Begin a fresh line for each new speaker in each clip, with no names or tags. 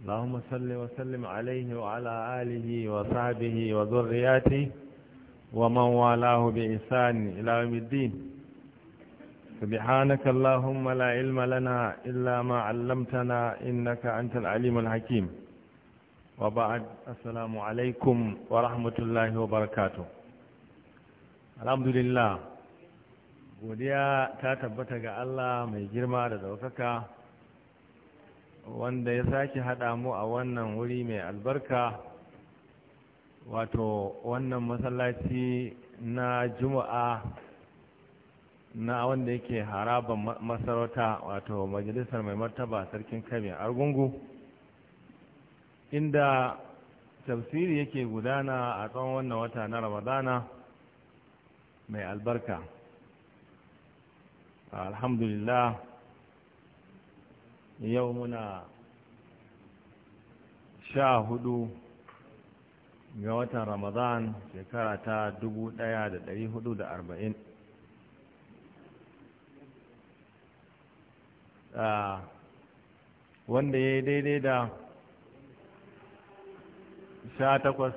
اللهم صل وسلم عليه وعلى آله وصحبه وذرياته ومن والاه بإحسان إلى يوم الدين سبحانك اللهم لا علم لنا إلا ما علمتنا إنك أنت العليم الحكيم وبعد السلام عليكم ورحمة الله وبركاته الحمد لله godiya ta tabbata ga Allah mai girma da daukaka wanda ya sake haɗa mu a wannan wuri mai albarka wato wannan masallaci na juma'a na wanda yake haraban masarauta wato majalisar mai martaba sarkin kame argungu inda tafsiri yake gudana a tsawon wannan wata na ramadana mai albarka alhamdulillah yau muna sha hudu ga watan ramadan shekara ta dubu daya da dari hudu da arba'in ah, wanda ya yi daidai da sha takwas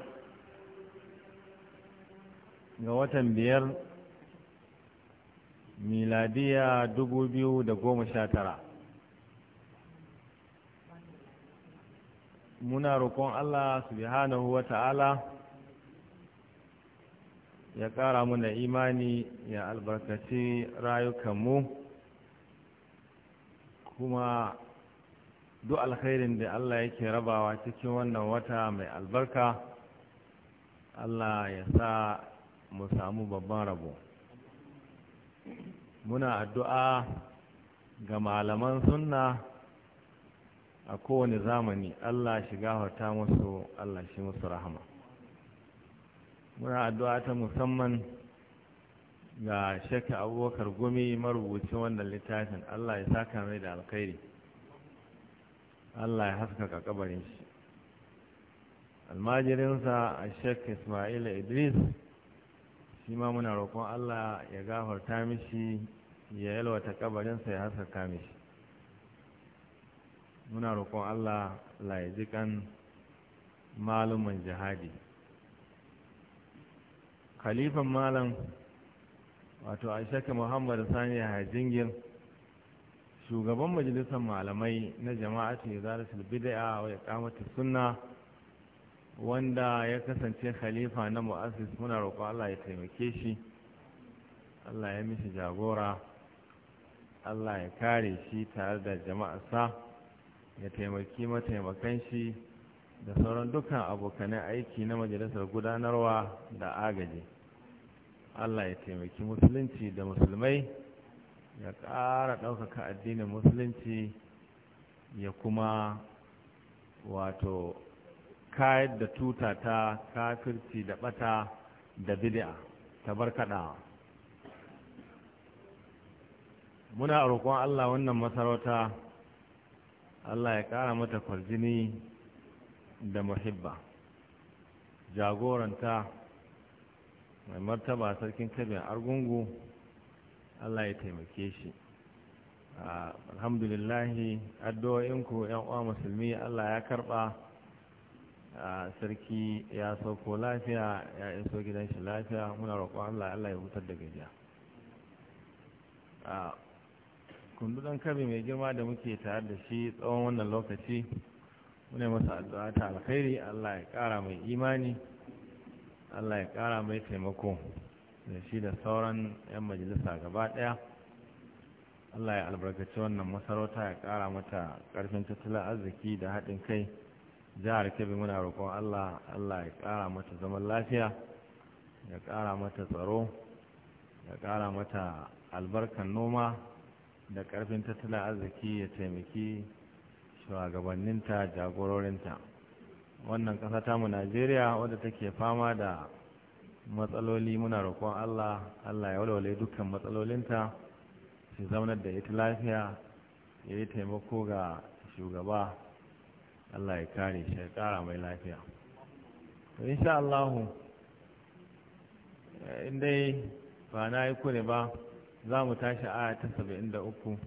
ga watan biyar miladiya dubu biyu da goma sha tara muna roƙon Allah Su subhanahu wa ta'ala ya ƙara muna imani ya albarkaci rayukanmu kuma duk alkhairin da Allah yake rabawa cikin wannan wata mai albarka Allah ya sa mu samu babban rabo muna addu'a ga malaman sunna a kowane zamani Allah shi gafarta musu Allah shi musu rahama muna addu'a ta musamman ga shakka abubakar gumi marubuci wannan littafin Allah ya saka mai da alkhairi Allah ya haskaka kabarin shi almajirinsa a shekka ismaila idris shi ma muna roƙon Allah ya gafarta mishi ya yalwata kabarinsa ya haskaka mishi muna roƙon Allah laizikan malumin jihadi khalifan malam wato ashaka Muhammadu sani hajjingir shugaban majalisar malamai na jama'a jama'atu zaratul bid'a wa kamata sunna wanda ya kasance khalifa na mu'assis muna roƙon Allah ya taimake shi Allah ya mishi jagora Allah ya kare shi tare da jama'a sa. ya taimaki mataimakan shi da sauran dukkan abokanan aiki na majalisar gudanarwa da agaji allah ya taimaki musulunci da musulmai ya ƙara ɗaukaka addinin musulunci ya kuma wato kayar da tuta ta kafirci da ɓata da bid'a ta barkaɗa muna roƙon allah wannan masarauta Allah ya ƙara mata kwarjini da muhibba jagoranta mai martaba sarkin kabin argungu Allah ya taimake shi alhamdulillahi addu'o'inku yan uwa musulmi Allah ya karɓa sarki ya sauko lafiya ya iso gidan shi lafiya muna roƙon Allah Allah ya hutar da gajiya kundudan kabi mai girma da muke tare da shi tsawon wannan lokaci muna masa addu'a ta alkhairi Allah ya kara mai imani Allah ya kara mai taimako da shi da sauran 'yan majalisa gaba daya Allah ya albarkaci wannan masarauta ya kara mata karfin tattalin arziki da haɗin kai jihar kebbi muna roƙon Allah Allah ya kara mata zaman lafiya ya kara mata tsaro ya kara mata albarkan noma da ƙarfin tattalin arziki ya taimaki shugabanninta jagororinta wannan ƙasa tamu najeriya wadda take fama da matsaloli muna roƙon allah allah ya walwale dukkan matsalolinta su zaunar da ita lafiya ya yi taimako ga shugaba allah ya kare shi ya ƙara mai lafiya Insha'Allahu, insha allahu eh, in dai ba na yi kure ba za mu tashi aya ta saba'in da uku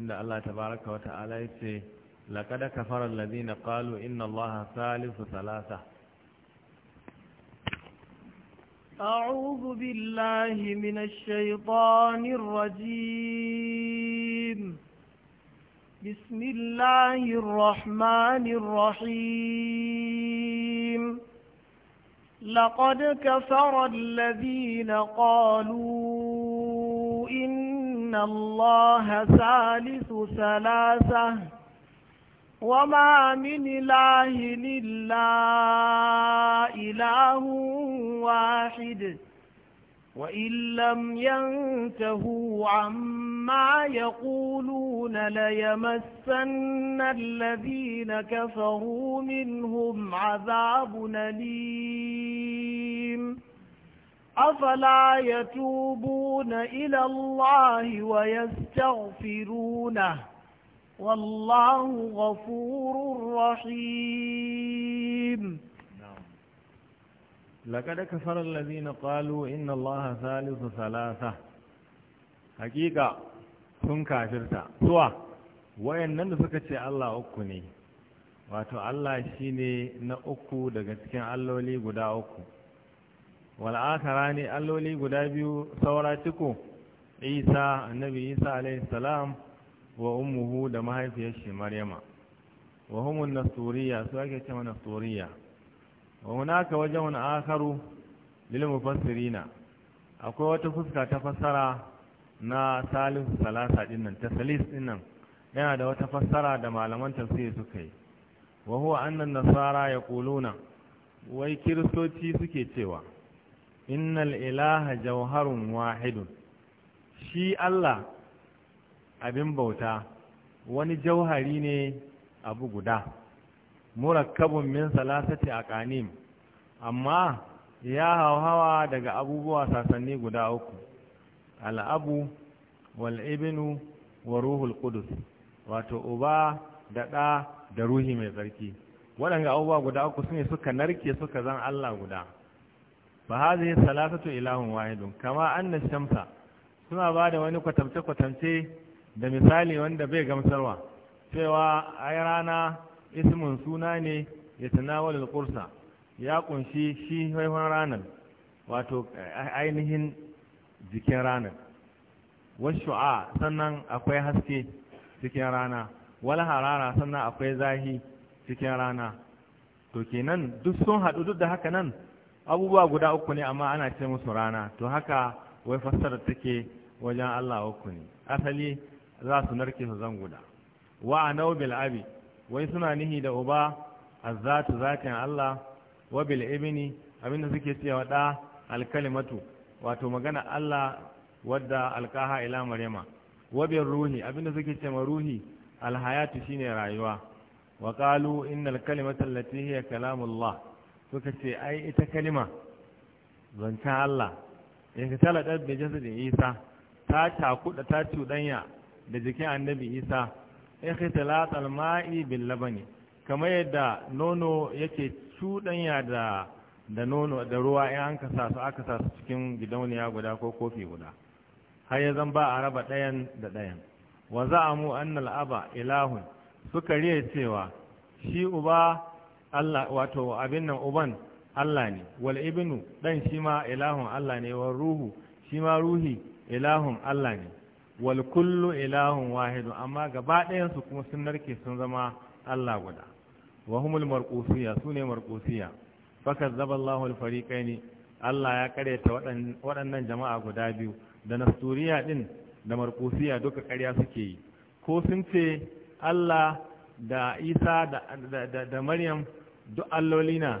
inda Allah ta baraka wa ta'ala ya ce laƙada kafarar lazina ƙalu inna Allah salisu salasa
أعوذ بالله من الشيطان الرجيم بسم الله الرحمن الرحيم لقد كفر الذين قالوا إن الله ثالث ثلاثة وما من إله إلا إله واحد وإن لم ينتهوا عما يقولون ليمسن الذين كفروا منهم عذاب أليم أفلا يتوبون إلى الله ويستغفرونه والله غفور رحيم
لقد كفر الذين قالوا إن الله ثالث ثلاثة حقيقة sun kafirta suwa wayannan da suka ce Allah uku ne wato Allah shine na uku daga cikin alloli guda uku wal'akara ne alloli guda biyu saura ciko isa annabi isa alaihi salam wa ummuhu da mahaifiyar shi maryama wa humun nasturiya su ake cewa nasturiya wa munaka wajen akaru lil mufassirina akwai wata fuska ta fassara na salisu salasa dinnan ta salis dinnan yana da wata fassara da malaman tafsiri suka yi wa huwa annan nasara yaquluna wai kiristoci suke cewa innal ilaha jauharun wahidun shi Allah abin bauta wani jauhari ne abu guda murakkabun min salasati aqanim amma ya hauhawa daga abubuwa sasanni guda uku al'abu wal ibnu wa ruhul qudus wato uba da ɗa da ruhi mai tsarki waɗanda abubuwa guda uku sune suka narke suka zan Allah guda fa hadhihi salatatu ilahun wahidun kama anna shamsa suna ba da wani kwatance kwatance da misali wanda bai gamsarwa cewa ai rana ismun suna ne ya tanawala kursa qursa ya kunshi shi haihuwar ranar wato ainihin jikin ranar washu'a sannan akwai haske cikin rana wala harara sannan akwai zahi cikin rana to kenan duk sun haɗu duk da haka nan abubuwa guda uku ne amma ana ce musu rana to haka wai fassara take wajen Allah uku ne asali za su narke su zan guda wa anau bil abi wai suna nihi da uba azzatu zatin Allah wa bil ibni abinda suke cewa da kalimatu wato magana Allah wadda alkaha ila maryama wa bil ruhi abinda suke cewa ruhi alhayatu shine rayuwa wa qalu innal kalimata allati hiya kalamullah suka ce ai ita kalima zancen Allah in ka tala ɗan da jasadin isa ta da ta cuɗanya da jikin annabi isa in ka tala tsalma'i bin labani kamar yadda nono yake cuɗanya da da nono da ruwa in an kasa su aka sa su cikin gidauniya guda ko kofi guda har ya zan ba a raba ɗayan da ɗayan wa za'amu annal aba ilahun suka riya cewa shi uba Allah wato abin nan uban Allah ne wal ibnu dan shi ma ilahun Allah ne wal ruhu shi ma ruhi ilahun Allah ne wal kullu ilahun wahidu amma gaba ɗayan su kuma sun narke sun zama Allah guda wa humul marqusiya sune marqusiya fakazzaba Allahu al fariqaini Allah ya karyata waɗannan jama'a guda biyu da nasturiya ɗin da marqusiya duka ƙarya suke yi ko sun ce Allah da Isa da, da Maryam duk alloli na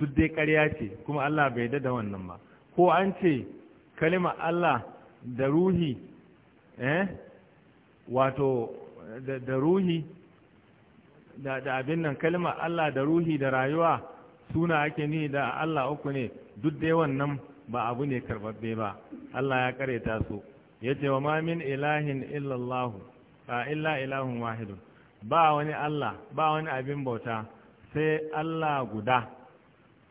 duk dai ƙarya ce kuma Allah bai da da wannan ba ko an ce kalima Allah da ruhi eh wato da ruhi da abin nan kalima Allah da ruhi da rayuwa suna ake ni da Allah uku ne duk dai wannan ba abu ne karbabbe ba Allah ya kareta su yace wa ma min ilahin illallahu illa ilahun wahidun ba wani Allah ba wani abin bauta sai Allah guda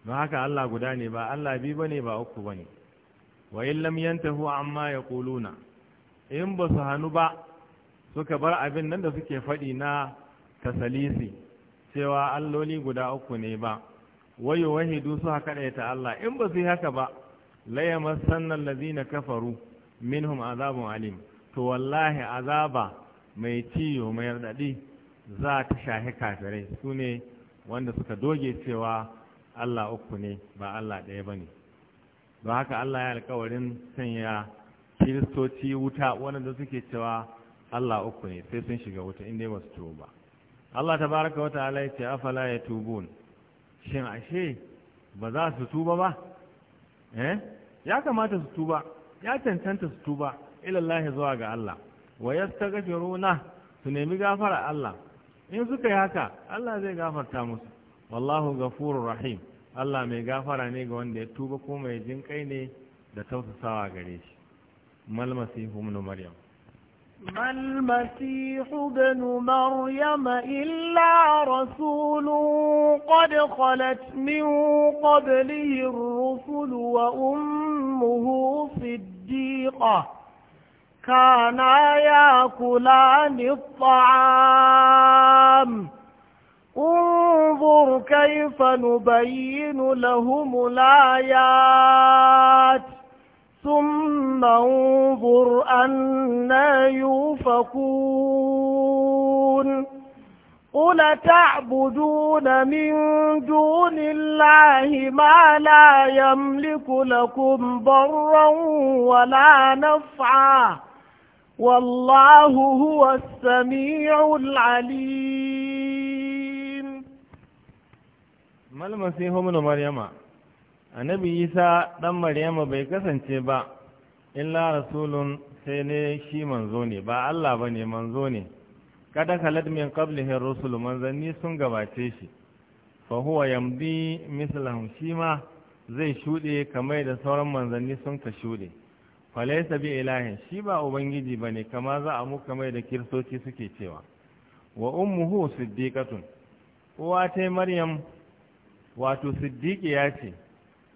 don haka Allah guda ne ba Allah bi bane ba uku bane wa in yantahu amma yaquluna in ba su hanu ba suka bar abin nan da suke faɗi na tasalisi cewa alloli guda uku ne ba wayo wahidu su haka ta Allah in ba su yi haka ba layamar sannan lazina kafaru minhum azabun alim to wallahi azaba mai ciyo mai raɗaɗi za ta shahi kafirai sune. wanda suka doge cewa Allah uku ne ba Allah ɗaya ba ne don haka Allah ya alkawarin sanya kiristoci wuta wadanda suke cewa Allah uku ne sai sun shiga wuta inda ba su tuba Allah ta baraka wata ala ce afala ya tubun shin ashe ba za su tuba ba eh ya kamata su tuba ya cancanta su tuba ilallahi zuwa ga Allah wa yastaghfiruna su nemi gafara Allah in suka yi haka Allah zai gafarta musu wallahu gafurur rahim Allah mai gafara ne ga wanda ya tuba ko mai jin kai ne da tausasawa gare shi mal ibn maryam
mal ibn maryam illa rasulu qad khalat min qablihi ar wa ummuhu siddiqah كانا ياكلان الطعام انظر كيف نبين لهم الآيات ثم انظر أنا يوفكون قل تعبدون من دون الله ما لا يملك لكم ضرا ولا نفعا والله هو السميع العليم ما المسيح من مريم
annabi isa ɗan maryama bai kasance ba illa rasulun sai ne shi manzo ne ba Allah ba ne manzo ne kada kalad min qablihi rusul manzanni sun gabace shi fa huwa yamdi mislahum shi ma zai shuɗe kamar da sauran manzanni sun ka shuɗe falaisa bi ilahin shi ba ubangiji ba ne kama za a muka mai da kiristoci suke cewa wa ummuhu siddiqatun uwa ta maryam wato ya ce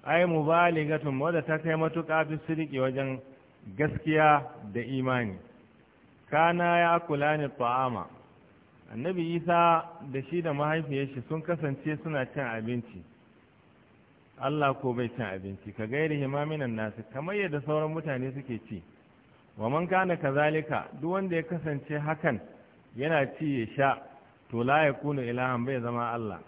ai mubaligatun wadda ta kai matuƙa fi siddiqi wajen gaskiya da imani kana ya kula ne ta'ama annabi isa da shi da mahaifiyarsa sun kasance suna cin abinci Allah ko bai cin abinci ka gairi himaminan nasu kamar yadda sauran mutane suke ci wa man kana kazalika duk wanda ya kasance hakan yana ci ya sha to la yakunu ilahan bai zama Allah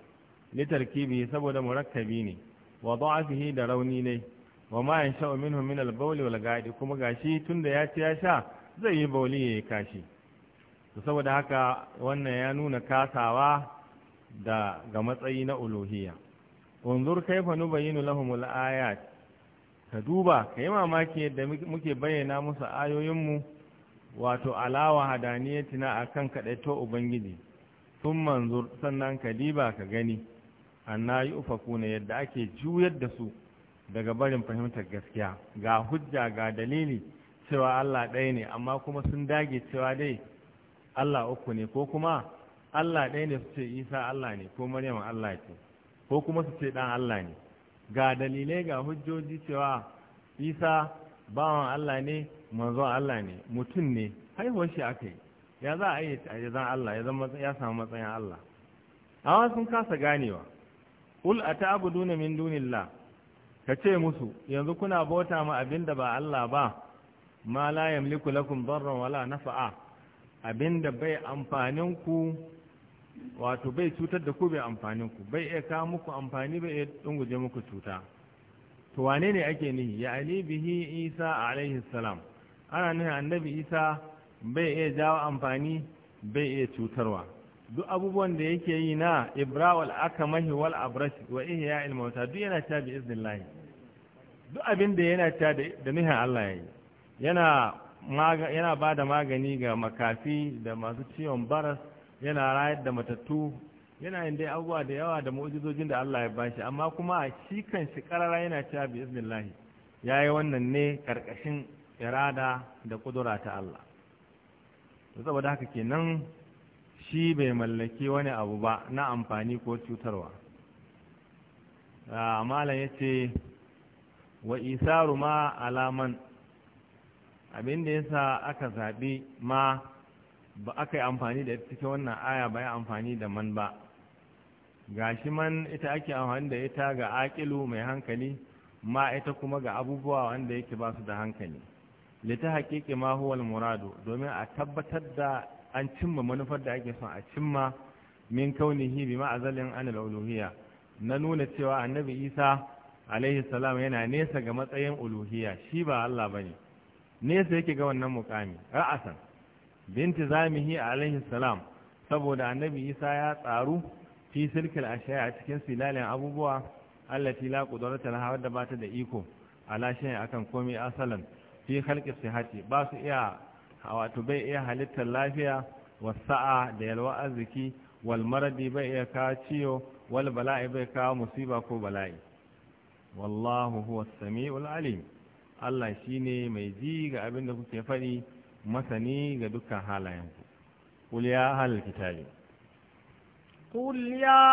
li tarkibi saboda murakkabi ne wa da'afihi da rauni ne wa ma yansha'u minhu min al-bawl wal ga'id kuma gashi tunda ya ci ya sha zai yi bauli ya kashi to saboda haka wannan ya nuna kasawa da ga matsayi na uluhiyya unzur kaifa nubayyinu lahumul ayat ka duba ka yi mamaki yadda muke bayyana musu ayoyinmu wato alawa hadaniyatina a kan to ubangiji sun manzur sannan ka diba ka gani anna yi na yadda ake juyar da su daga barin fahimtar gaskiya ga hujja ga dalili cewa Allah ɗaya ne amma kuma sun dage cewa dai Allah uku ne ko kuma Allah ɗaya ne su ce Isa Allah ne ko Maryam Allah ce ko kuma su ce dan Allah ne ga dalilai ga hujjoji cewa isa bawan Allah ne manzon Allah ne mutum ne haihuwar shi aka yi ya za a yi a zan Allah ya samu matsayin Allah amma sun kasa ganewa ul atabuduna min dunillah ka ce musu yanzu kuna bauta ma abinda ba Allah ba ma la yamliku lakum darran wala nafa'a abinda bai amfanin ku wato bai cutar da ku bai amfanin ku bai iya kawo muku amfani bai iya dunguje muku cuta to wane ne ake nihi ya ali bihi isa alaihi salam ana nihin annabi isa bai iya jawo amfani bai iya cutarwa duk abubuwan da yake yi na ibrawal akamahi wal abrash wa ihya al mauta duk yana ta bi iznillah duk abin da yana ta da nihin Allah yayi yana yana bada magani ga makafi da masu ciwon baras yana rayar da matattu yana yin dai abubuwa da yawa da mu'jizojin da Allah ya bashi amma kuma shi kan shi karara yana cewa bi iznillahi yi wannan ne karkashin irada da kudura ta Allah saboda haka kenan shi bai mallaki wani abu ba na amfani ko cutarwa ah, malam ce wa isaru ma alaman abin da yasa aka zaɓi ma ba aka yi amfani da cikin wannan aya ba ya amfani da man ba gashi man ita ake amfani da ita ga aƙilu mai hankali ma ita kuma ga abubuwa wanda yake ba su da hankali lita haƙiƙi ma huwal muradu domin a tabbatar da an cimma manufar da ake son a cimma min kaunihi bi ma'azalin anil uluhiyya na nuna cewa annabi isa alaihi salam yana nesa ga matsayin uluhiya, shi ba allah bane nesa yake ga wannan mukami ra'asan binti zamihi alaihi salam saboda annabi isa ya tsaru fi silkil ashaya a cikin silalin abubuwa allati la qudrata laha wadda ba ta da iko ala shay akan komai asalan fi khalqi sihati ba su iya wato bai iya halittar lafiya wasa'a da yalwa arziki wal maradi bai iya ka ciyo wal bala'i bai kawo musiba ko bala'i wallahu huwa samiul alim Allah shine mai ji ga abin da kuke faɗi masani ga dukkan halayenku قل يا أهل الكتاب
قل يا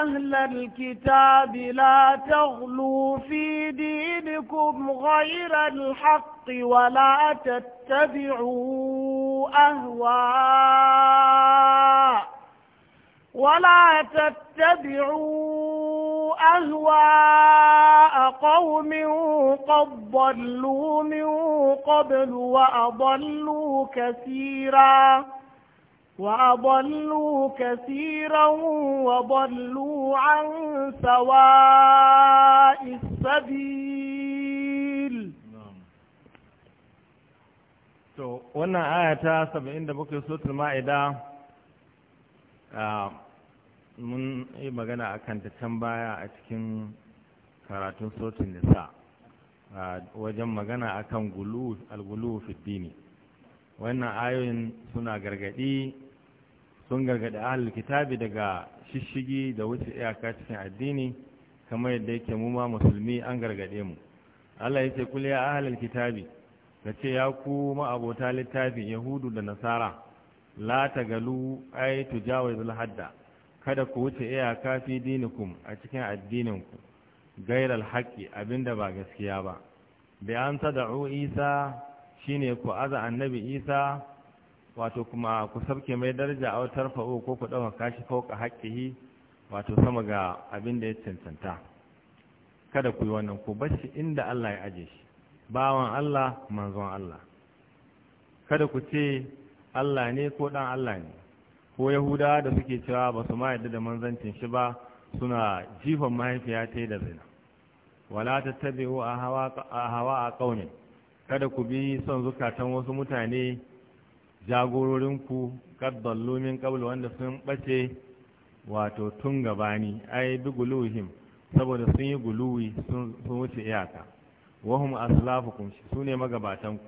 أهل الكتاب لا تغلوا في دينكم غير الحق ولا تتبعوا أهواء ولا تتبعوا أهواء قوم قد ضلوا من قبل وأضلوا كثيرا وأضلوا كثيرا وضلوا عن سواء السبيل
to wannan aya ta 77 suratul ma'ida mun yi magana a kan can baya a cikin karatun Sotin nisa wajen magana a kan algulu fiddini wannan ayoyin suna gargadi sun gargadi ahal kitabi daga shishigi da wuce iyaka cikin addini kamar yadda yake mu ma musulmi an gargade mu Allah ya ce kul ya ahlal kitabi ce ya ku ma'abota littafin yahudu da nasara la galu ay tujawizul hadda kada ku wuce iyaka dini dinikum a cikin addininku gairar haƙƙi abinda ba gaskiya ba bai an da isa shine ku aza annabi isa wato kuma ku sabke mai daraja a wutar fa'o ko ku ɗauka kashi fauka haƙƙihi wato sama ga abin ya cancanta kada ku yi wannan ku bashi inda Allah ya aje shi bawan Allah manzon Allah kada ku ce Allah ne ko ɗan Allah ne ko Yahuda da suke cewa ba su ma yadda da manzancin shi ba suna jifan mahaifiya ta da zina wala ta tabi a hawa a ƙaunin kada ku bi son zukatan wasu mutane jagororinku kaddon lumin ƙaulu wanda sun ɓace wato tun gabani ai bi guluhim saboda sun yi guluwi sun wuce iyaka wahum aslafukum su ne magabatanku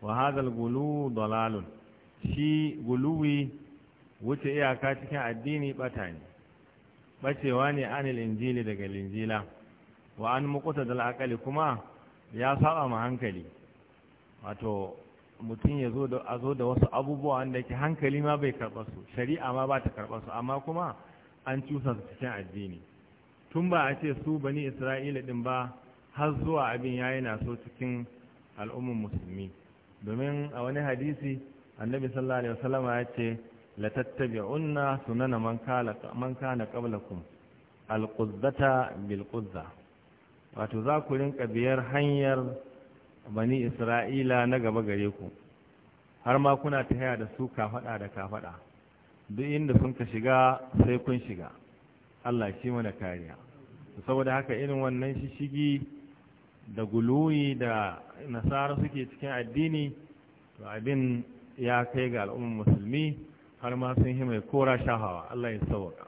wa hadal gulu dalalun shi guluwi wuce iyaka cikin addini bata ne bacewa ne an Linjili daga linjila wa an mukuta da al'akali kuma ya saba ma hankali wato mutum ya zo da wasu abubuwa wanda ke hankali ma bai karɓa su shari'a ma ba ta karɓa su amma kuma an cusa su cikin addini tun ba a ce su bani isra'ila din ba har zuwa abin yayi na so cikin al'ummar musulmi domin a wani hadisi annabi sallallahu alaihi wasallama ya ce latattabi'unna sunana man kana man kana qablakum alquzzata bilquzza wato za ku rinka biyar hanyar bani isra'ila na gaba gare ku har ma kuna ta haya da su kafaɗa da kafaɗa duk inda sun ka shiga sai kun shiga Allah shi mana kariya saboda haka irin wannan shishigi da guluyi da nasara suke cikin addini to abin ya kai ga al'ummar musulmi har ma sun yi mai kora shahawa Allah ya sauka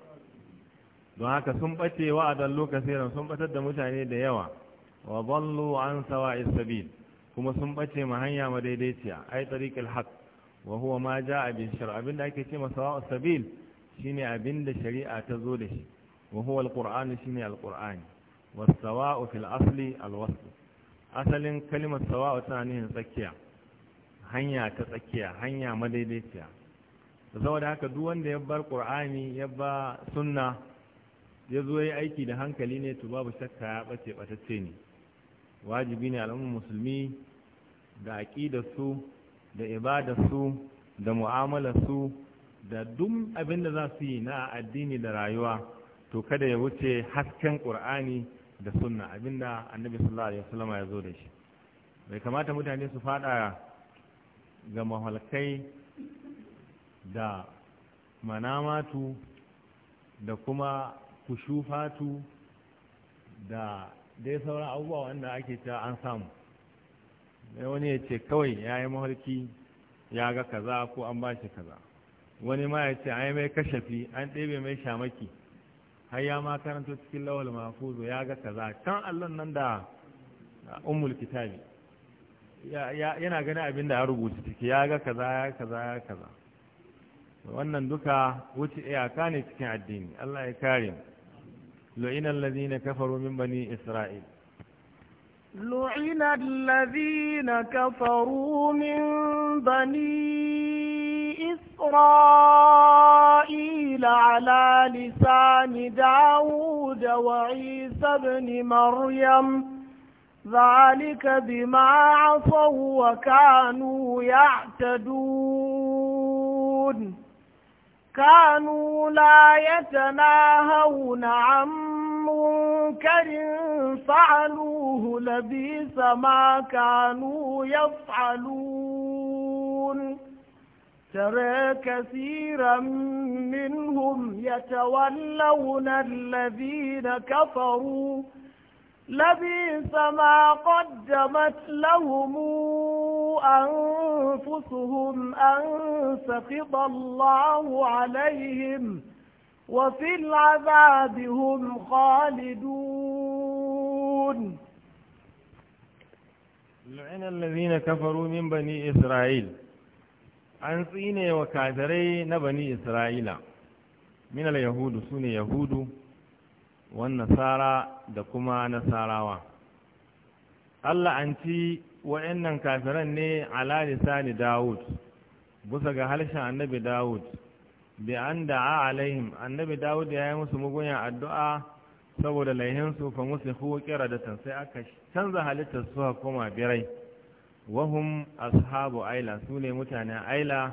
don haka sun bace wa'adan lokacin sun batar da mutane da yawa wa ballu an sawa'is sabil kuma sun bace ma hanya ma daidaiciya ai tariqil haqq wa huwa ma jaa bi shar abinda ake ce ma sawa'us sabil shine abinda shari'a ta zo da shi wa huwa alqur'an shine alqur'an wa sawa'u fil asli alwasl asalin kalimar sawa'u tana nufin tsakiya hanya ta tsakiya hanya madaidaiciya da haka duk wanda ya bar qur'ani ya ba sunna ya zo ya aiki da hankali ne to babu shakka ya bace batacce ne wajibi ne al'ummar musulmi da su da su, da mu'amalarsu da duk abin da za su yi na addini da rayuwa to kada ya wuce hasken qur'ani da sunna abinda annabi sallallahu alaihi wasallam ya zo da shi bai kamata mutane su fada ga mahalkai da manamatu da kuma kushufatu da dai sauran abubuwa wanda ake cewa an samu sai wani ya ce kawai ya yi maharki ya ga kaza ko an ba shi kaza wani ma ya ce ai mai kashafi an ɗebe mai shamaki har ya ma karanta cikin lawal mafuzo ya ga kaza can allon nan da umul kitabi yana gani abin da ya rubuta ciki ya ga kaza ya kaza ya kaza wannan duka wuce iyaka kane cikin addini Allah ya kare lu'ina allazina kafaru min bani isra'il
lu'ina allazina kafaru min bani isra'ila ala lisani daud wa isa ibn maryam ذلك بما عصوا وكانوا يعتدون كانوا لا يتناهون عن منكر فعلوه لبيس ما كانوا يفعلون ترى كثيرا منهم يتولون الذين كفروا لبئس ما قدمت لهم أنفسهم أن سخط الله عليهم وفي العذاب هم خالدون
لعن الذين كفروا من بني إسرائيل عن صيني وكادري بني إسرائيل من اليهود سن يهود wannan nasara da kuma nasarawa Allah an ci wa'annan kafiran ne ala lisani Dawud bisa ga harshen annabi Dawud bi an da'a alaihim annabi Dawud ya yi musu mugunya addu'a saboda su fa musu hukira da sai aka canza halittar su koma birai wahum ashabu aila sune mutane aila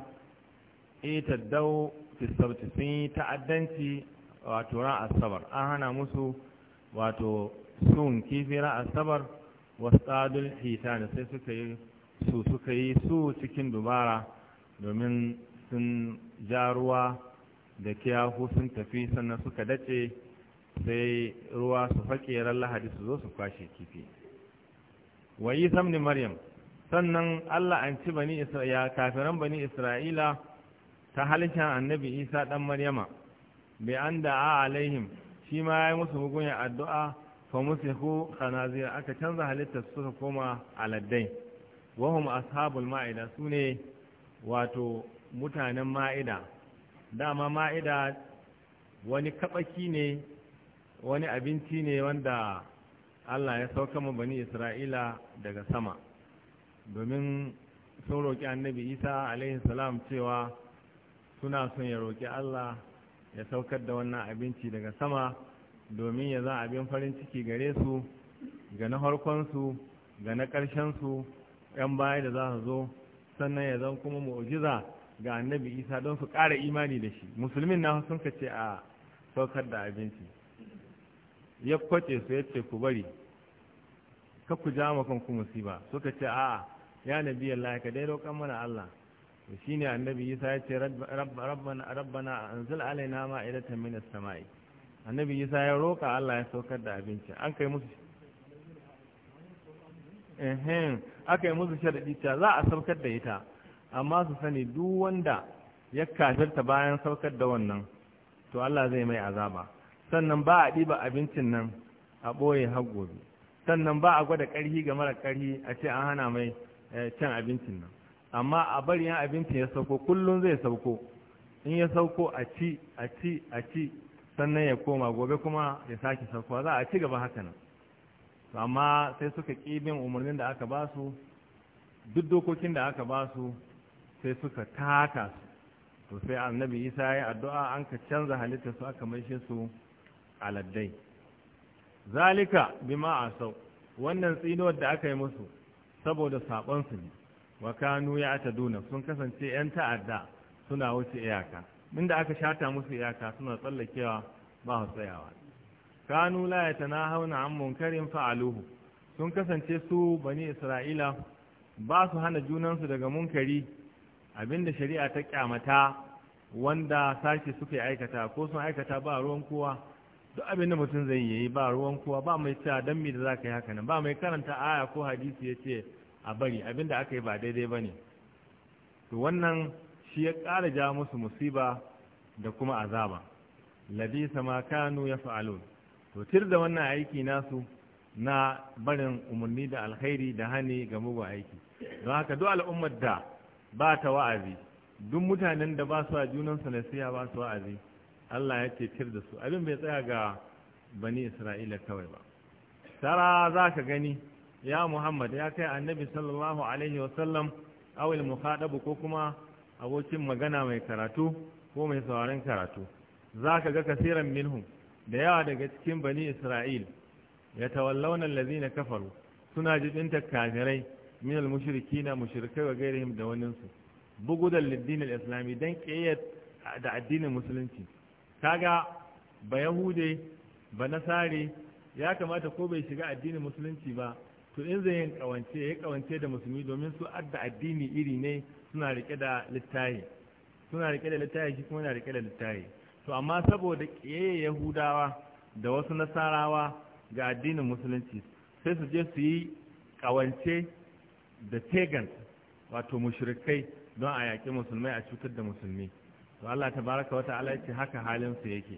ita dau fi sabti sun yi ta'addanci wato asabar an hana musu wato sun kifi wasu asabar hita da sai suka yi su suka yi su cikin dubara domin sun ja ruwa da kiyahu sun tafi sannan suka dace sai ruwa su faƙe ran lahadi su zo su kwashe kifi wayi samni maryam sannan Allah an ci bani isra'ila kafiran bani isra'ila ta halittar annabi isa ɗan maryama bi an da'a alaihim shi ma ya yi musu mugunyar addu'a fa ku khanazir aka canza su suka koma aladdai wahum ashabul ma'ida su ne wato mutanen ma'ida dama ma'ida wani kabaki ne wani abinci ne wanda Allah ya sauka ma bani Isra'ila daga sama domin sun roƙi annabi Isa alaihi salam cewa suna son ya roƙi Allah ya saukar da wannan abinci daga sama domin ya za abin farin ciki gare su ga na harkonsu ga na ƙarshensu ‘yan baya da za su zo sannan ya zan kuma mu'ujiza ga annabi isa don su ƙara imani da shi musulmin na sun ka ce a saukar da abinci ya kwace su ya ce ku bari ka ku ja kanku musiba suka ce a'a ya nabi Allah ka dai roƙan mana Allah shine annabi Isa ya ce rabbana rabbana anzil alaina ma'idatan minas sama'i annabi Isa ya roka Allah ya saukar da abinci an kai musu ehem aka yi musu sharadi ta za a saukar da ita amma su sani duk wanda ya kafirta bayan saukar da wannan to Allah zai mai azaba sannan ba a ɗiba abincin nan a boye har gobe sannan ba a gwada ƙarhi ga mara karhi a ce an hana mai eh, cin abincin nan amma a bari yan abincin ya sauko kullum zai sauko in ya sauko a ci a ci a ci sannan ya koma gobe kuma ya sake saukowa za a ci gaba haka nan amma sai suka bin umarnin da aka ba su duk dokokin da aka ba su sai suka taka su to sai annabi isa ya yi addu'a an ka canza halittar su aka maishe su aladdai zalika bima asau wannan tsinuwar da aka yi musu saboda su ne wa kanu ya ataduna sun kasance yan ta'adda suna wuce iyaka inda aka shata musu iyaka suna tsallakewa ba su tsayawa kanu la hauna an munkarin fa'aluhu sun kasance su bani isra'ila ba su hana junansu daga munkari abinda shari'a ta kyamata wanda sashi suka aikata ko sun aikata ba ruwan kowa duk abin da mutum zai yi ba ruwan kowa ba mai cewa dan me da zaka yi haka nan ba mai karanta aya ko hadisi yace a bari abinda aka yi ba daidai ba ne to wannan shi ya ƙara ja musu musiba da kuma azaba labisa ma kanu ya fa'alun to tir da wannan aiki nasu na barin umarni da alkhairi da hani ga mugun aiki don haka duk al'ummar da ba ta wa'azi duk mutanen da ba su a junansu nasiha ba su wa'azi Allah ya ce tir da su abin bai tsaya ga bani isra'ila kawai ba tara za ka gani ya muhammad ya kai annabi sallallahu alaihi wasallam awil mukhadabu ko kuma abokin magana mai karatu ko mai sauraron karatu zaka ga kasiran minhum da yawa daga cikin bani isra'il ya tawallawna allazina kafaru suna jibinta kafirai min almushrikina mushrikai wa gairihim da wannan bugu da liddin al-islami dan kiyaye da addinin musulunci kaga ba yahude ba nasari ya kamata ko bai shiga addinin musulunci ba to in zai yin kawance ya kawance da musulmi domin su adda addini iri ne suna rike da littahi suna rike da littahi shi kuma yana rike da littahi to amma saboda kiyaye yahudawa da wasu nasarawa ga addinin musulunci sai su je su yi kawance da tegan, wato mushrikai don a yaƙi musulmai a cutar da musulmi to Allah Ta wata wata yace haka halin su yake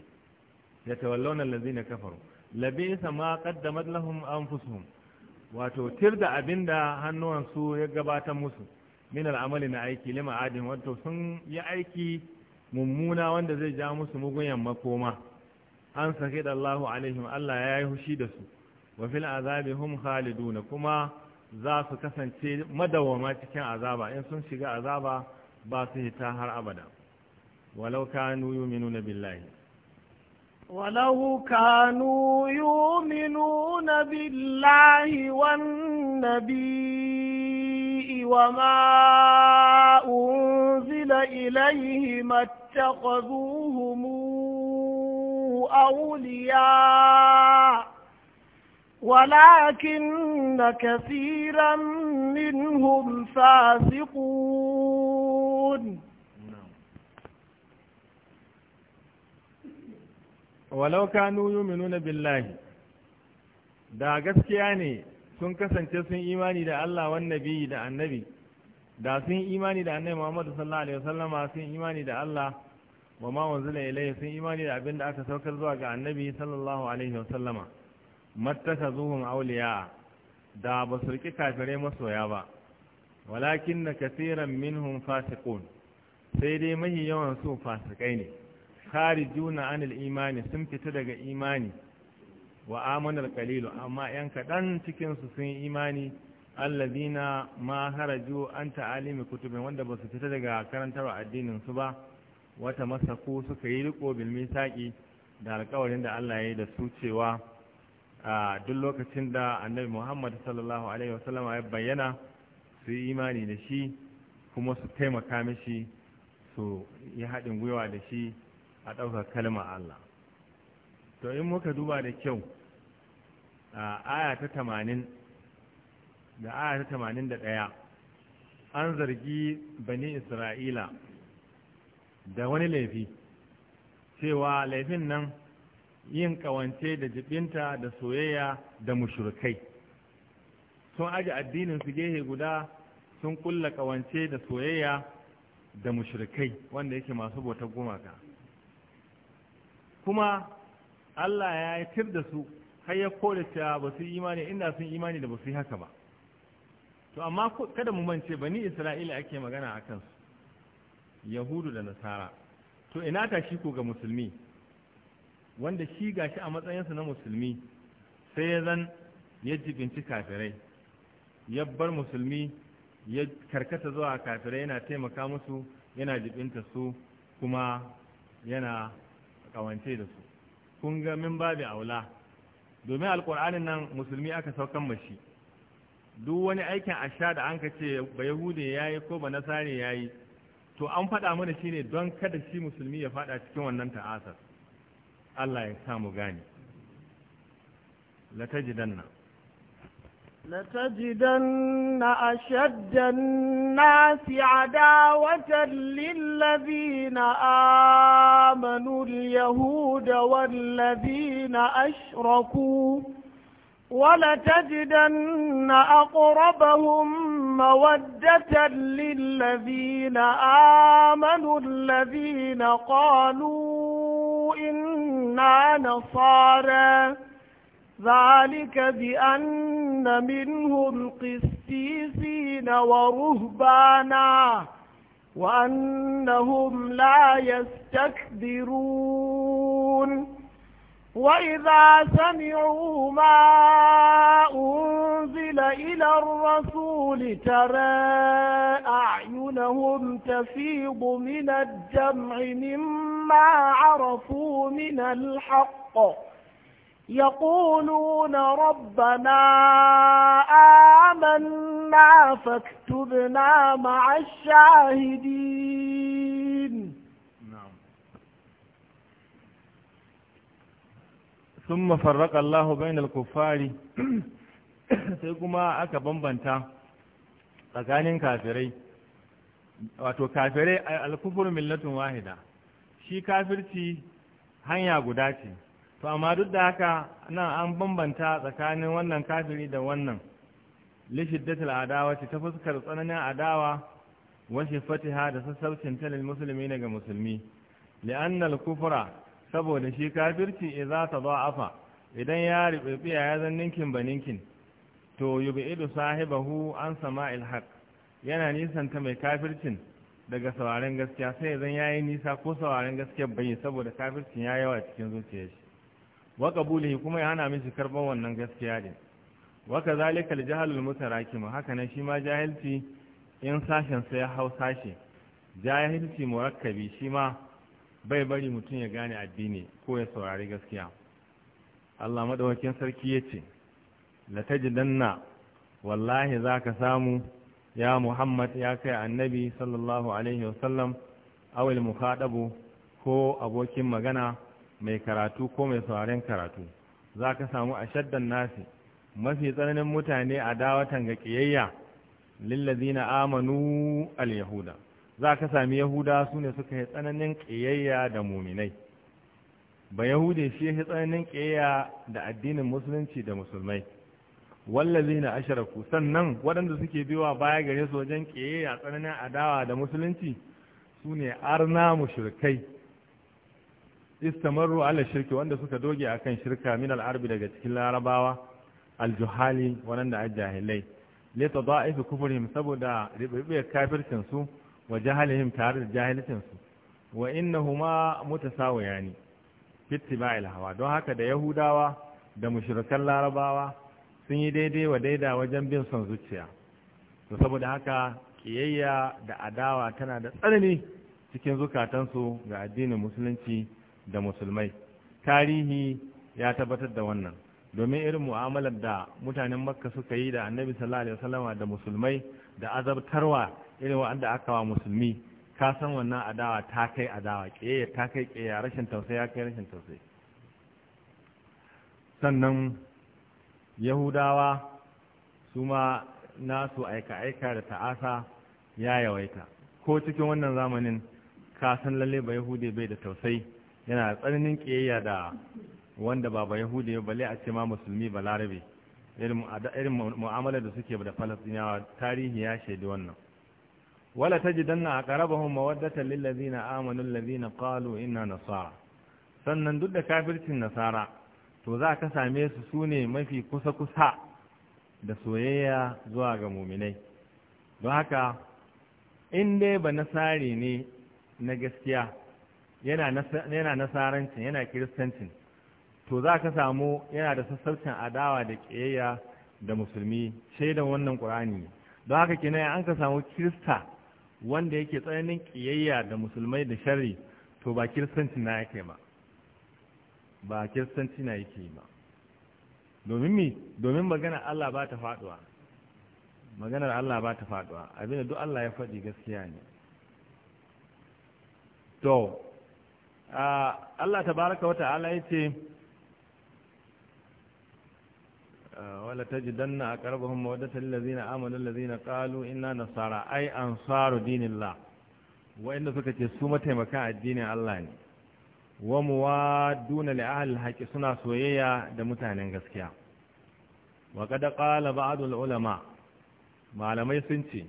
tawallawna allazina kafaru labisa ma qaddamat lahum anfusuhum wato tir da abin da hannuwansu ya gabata musu min al'amali na aiki lima adin wato sun yi aiki mummuna wanda zai ja musu mugunyan makoma an sake da Allahu alaihim Allah ya yi hushi da su wa fil azabi hum khaliduna kuma za su kasance madawama cikin azaba in sun shiga azaba ba su hita har abada walau kanu yu'minuna billahi
ولو كانوا يؤمنون بالله والنبي وما أنزل إليه ما اتخذوهم أولياء ولكن كثيرا منهم فاسقون
walau kanu yu'minuna billahi da gaskiya ne sun kasance sun imani da Allah wannan nabi da annabi da sun imani da annabi Muhammadu sallallahu alaihi wasallama sun imani da Allah wa ma wanzila ilai sun imani da abin da aka saukar zuwa ga annabi sallallahu alaihi wasallama zuhun auliya da ba su riƙi kafirai masoya ba walakin na kasiran minhum fasiqun sai dai mahi yawan su fasikai ne kharijuna anil imani sun fita daga imani wa amanar kalilu amma yan kaɗan cikinsu sun yi imani allazina ma haraju an ta'alimi kutubin wanda ba su fita daga karantar addinin su ba wata masaku suka yi riko bil misaki da alƙawarin da Allah ya yi da su cewa a duk lokacin da annabi Muhammad sallallahu alaihi wasallam ya bayyana su yi imani da shi kuma su taimaka mishi su yi haɗin gwiwa da shi a ɗaukar kalmar Allah to in muka duba da kyau a aya tamanin da aya ta tamanin da ɗaya an zargi bani isra'ila da wani laifi cewa laifin nan yin ƙawance da jibinta da soyayya da mushrikai sun aji addinin su gehe guda sun kulla ƙawance da soyayya da mushrikai wanda yake masu bautar gumaka kuma Allah ya yatir da su har ya kore cewa ba su imani inda sun imani da ba su yi haka ba to amma kada mu mance bani isra'ila ake magana a kansu yahudu da nasara to ina ta shi ko ga musulmi wanda shi gashi a matsayinsa na musulmi sai ya zan ya jibinci kafirai ya bar musulmi ya karkata zuwa kafirai yana taimaka musu yana jibinta su kuma yana kawance da su kun ga min babu aula domin alkur'anin nan musulmi aka saukan mashi duk wani aikin asha da an ka ce ba yahude ya yi ko ba nasare ya yi to an faɗa mana shi ne don kada shi musulmi ya faɗa cikin wannan ta'asar allah ya samu gane nan
لتجدن أشد الناس عداوة للذين آمنوا اليهود والذين أشركوا ولتجدن أقربهم مودة للذين آمنوا الذين قالوا إنا نصارى ذلك بأن منهم قسيسين ورهبانا وأنهم لا يستكبرون وإذا سمعوا ما أنزل إلى الرسول ترى أعينهم تفيض من الدمع مما عرفوا من الحق يقولون ربنا آمنا فاكتبنا مع الشاهدين نعم.
ثم فرق الله بين الكفار sai kuma aka bambanta tsakanin kafirai wato kafirai alkufur millatun wahida shi kafirci hanya guda ce to amma duk da haka nan an bambanta tsakanin wannan kafiri da wannan lishiddatul adawa ce ta fuskar tsananin adawa washe fatiha da sassaucin talil musulmi daga musulmi li'annal Kufura, saboda shi kafirci idza za'afa idan ya ribiya ya zan ninkin ba ninkin to yub'idu sahibahu an sama ilhak yana nisanta mai kafircin daga sauraren gaskiya sai zan yayi nisa ko sauraren gaskiya bai saboda kafircin ya yawa cikin zuciyar wa qabulihi kuma ya hana mishi karban wannan gaskiya din wa kadhalika al mutarakim haka nan shi ma jahilci in sashen sa ya hau sashe jahilci murakkabi shi ma bai bari mutum ya gane addini ko ya saurari gaskiya Allah madawakin sarki yace la tajidanna wallahi zaka samu ya Muhammad ya kai annabi sallallahu alaihi wasallam awil mukhadabu ko abokin magana mai karatu ko mai sauraren karatu za ka samu a shaddan nasi mafi tsananin mutane a dawatan ga ƙiyayya na amanu al-yahuda za ka sami yahuda su ne suka yi tsananin ƙiyayya da muminai ba yahude shi yi tsananin ƙiyayya da addinin musulunci da musulmai na asharaku sannan waɗanda suke biwa baya gare su wajen ƙiyayya tsananin adawa da musulunci su ne arna mushrikai istamarru ala shirki wanda suka doge akan shirka min al'arbi daga cikin larabawa al-juhali wanda za a kufur kufrihim saboda ribibe kafircin su wa jahalihim tare da jahilcin su wa ya ne fi ba hawa don haka da yahudawa da mushrikan larabawa sun yi daidai wa daida wajen bin son zuciya to saboda haka kiyayya da adawa tana da tsanani cikin zukatansu ga addinin musulunci da musulmai tarihi ya tabbatar da wannan domin irin mu'amalar da mutanen makka suka yi da annabi sallallahu alaihi wasallama da musulmai da azabtarwa irin wanda aka wa musulmi ka san wannan adawa ta kai adawa kiyaye ta kai kiyaye rashin tausayi ya kai rashin tausayi sannan yahudawa su ma nasu aika-aika da ta'asa ya yawaita ko cikin wannan zamanin ka san lalle ba yahude bai da tausayi yana tsananin ƙiyayya da wanda Baba ba yahudi ya bale a ce ma musulmi ba larabe irin mu'amalar da suke da falastinawa tarihi ya shaidi wannan wala tajidanna aqrabahum mawaddatan lil ladzina amanu na qalu inna nasara sannan duk da kafircin nasara to za ka same su sune mafi kusa kusa da soyayya zuwa ga muminai don haka in dai ba nasari ne na gaskiya yana nasarancin yana kiristancin to za ka samu yana da sassaucin adawa da ƙiyayya da musulmi shaidan wannan ƙur'ani don haka kina an ka samu kirista wanda yake tsananin ƙiyayya da musulmai da shari to ba kiristanci na yake ba ba kiristanci na yake ba domin mi domin maganar Allah ba ta faɗuwa maganar Allah ba ta faɗuwa abinda duk Allah ya faɗi gaskiya ne to Allah ta baraka wata ala ya ce wala tajidanna aqrabahum mawaddatan lil ladzina amanu ladzina ƙalu ina nasara ai ay ansaru Wa wa'inda suka ce su mataimakan addinin Allah ne wa muwadduna li haƙi suna soyayya da mutanen gaskiya wa ƙala ba adul ulama malamai sun ce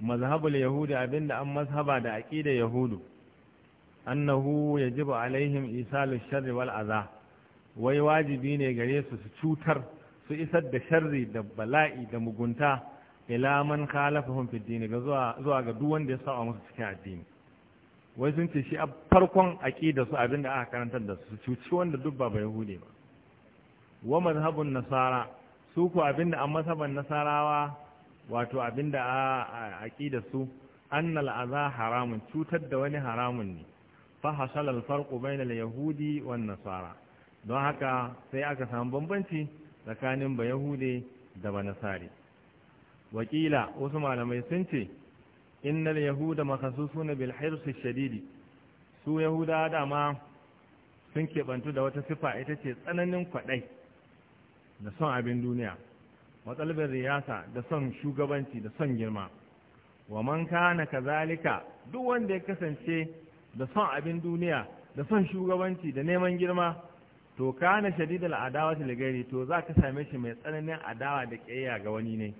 mazhabul yahudu abinda an mazhaba da aƙidar yahudu annahu yajibu alaihim isalu sharri wal'aza. wai wajibi ne gare su su cutar su isar da sharri da bala'i da mugunta ila man khalafahum ga zuwa ga duk wanda ya saba musu cikin addini wai sun ce shi a farkon da su abinda aka karantar da su cuci wanda duk ba hude ba wa mazhabun nasara su ku abinda an mazhaban nasarawa wato da a da su annal aza haramun cutar da wani haramun ne fahasal alfarqu bainal yahudi wan nasara don haka sai aka samu bambanci tsakanin ba da ba nasari wakila wasu malamai sun ce innal yahuda makasusuna bil hirsi shadidi su yahuda dama sun kebantu da wata sifa ita ce tsananin kwaɗai da son abin duniya matsalibin riyasa da son shugabanci da son girma wa man kana kazalika duk wanda ya kasance da son abin duniya da son shugabanci da neman girma to ka kana shadidal adawa ta gairi to za ka same shi mai tsananin adawa da kiyaya ga wani ne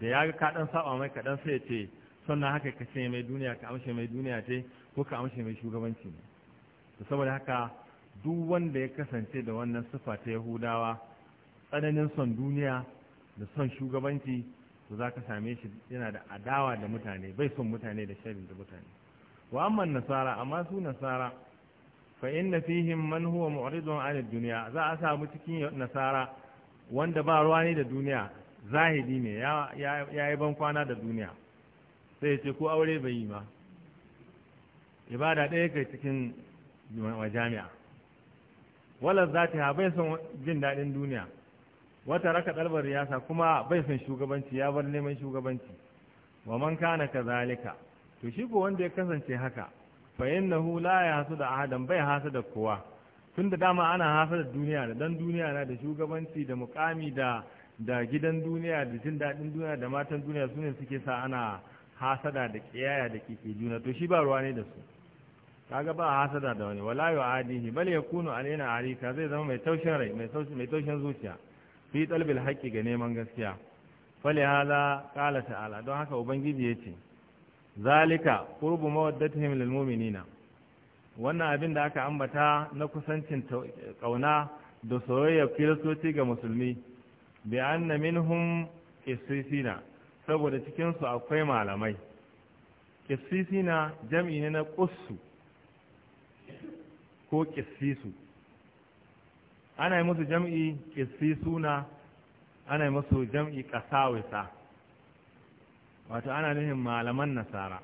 da ya ga ka dan saba mai kaɗan, sai ce sannan haka ka ce mai duniya ka amshe mai duniya ce ko ka amshe mai shugabanci ne to saboda haka duk wanda ya kasance da wannan sifa ta Yahudawa tsananin son duniya da son shugabanci to za ka same shi yana da adawa da mutane bai son mutane da shari'a da mutane wa amman nasara amma su nasara fa inna fihim man huwa mu'ridun 'ala dunya za a samu cikin nasara wanda ba ruwa ne da duniya zahiri ne ya yi ban kwana da duniya sai ce ko aure bai yi ba ibada ɗaya kai cikin jami'a wala zati ha bai son jin daɗin duniya wata raka ɗalbar riyasa kuma bai son shugabanci ya bar neman shugabanci wa man kana kazalika to shi ko wanda ya kasance haka fa innahu la yahasu da adam bai hasu da kowa tunda dama ana hasu da duniya da dan duniya na da shugabanci da mukami da da gidan duniya da jin dadin duniya da matan duniya sune suke sa ana hasada da kiyaya da kike juna to shi ba ruwa ne da su kaga ba hasada da wani wala yu'adihi bal yakunu alaina alika zai zama mai taushin rai mai taushin mai taushin zuciya fi talbil haqqi ga neman gaskiya fali hala qala ta'ala don haka ubangiji yace zalika qurbu mawaddatihim lil mu'minina wannan abin da aka ambata na kusancin kauna da soyayya kiristoci ga musulmi bi anna minhum qissisina saboda cikin su akwai malamai qissisina jam'i ne na qussu ko qissisu ana yi musu jam'i qissisuna ana yi musu jam'i qasawisa wato ana nufin malaman nasara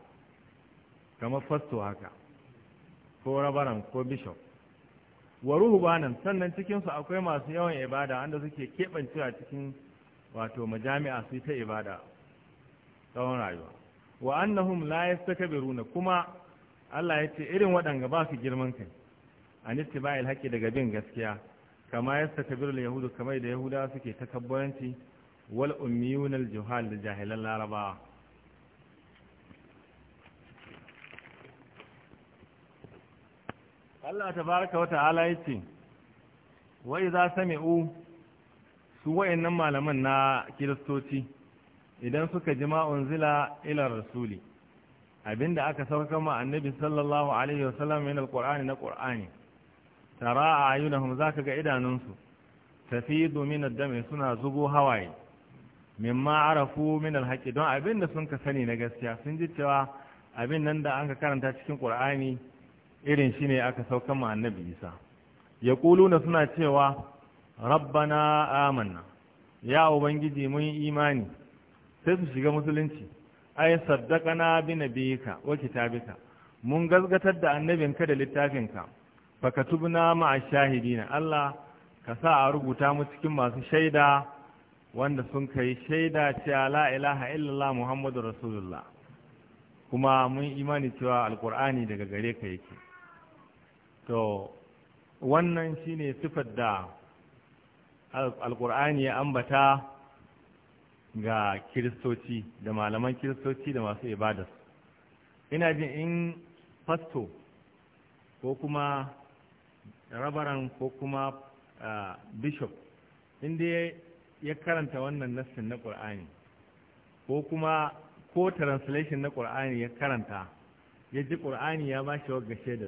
kamar fasto haka ko rabaran ko bishop wa ruhubanan sannan cikinsu akwai masu yawan ibada wanda suke keɓancewa cikin wato majami'a su ta ibada tsawon rayuwa wa annahum la na kuma Allah ya ce irin waɗanga ba su girman kai an ittiba'il haqqi daga bin gaskiya kama yastakbiru al-yahudu kamar da yahuda suke takabburanci wal ummiyun juhal da jahilan larabawa Allah ta wata tabaraka wata'ala yace wa idza sami'u su wayannan malaman na kiristoci idan suka ji ma'un zila ilar rasuli Abin da aka sauka ma annabi sallallahu alaihi wasallam yana al’ur'ani na ƙur'ani. tara za ka ga idanunsu Tafi domin ad dame suna zubo hawaye mimma arafu min alhaki, don da sun ka sani na gaskiya sun ji cewa abin nan da an ka karanta cikin ƙur'ani. irin shi ne aka sauka ma annabi isa ya na suna cewa rabbana amanna ya ubangiji mun yi imani sai su shiga musulunci ai saddaqana bi nabiyika wa kitabika mun gazgatar da annabinka da littafinka fakatubna ma'a shahidina Allah ka sa a rubuta mu cikin masu shaida wanda sun kai shaida cewa la ilaha illallah muhammadu rasulullah kuma mun imani cewa alkur'ani daga gare ka yake to wannan shine sifar da alkur'ani ya ambata ga kiristoci da malaman kiristoci da masu ibadas ina jin in fasto ko kuma rabaran ko kuma bishop inda ya karanta wannan nassin na ƙur'ani ko kuma ko translation na ƙur'ani ya karanta ya ji ƙur'ani ya ba shi wa gashe da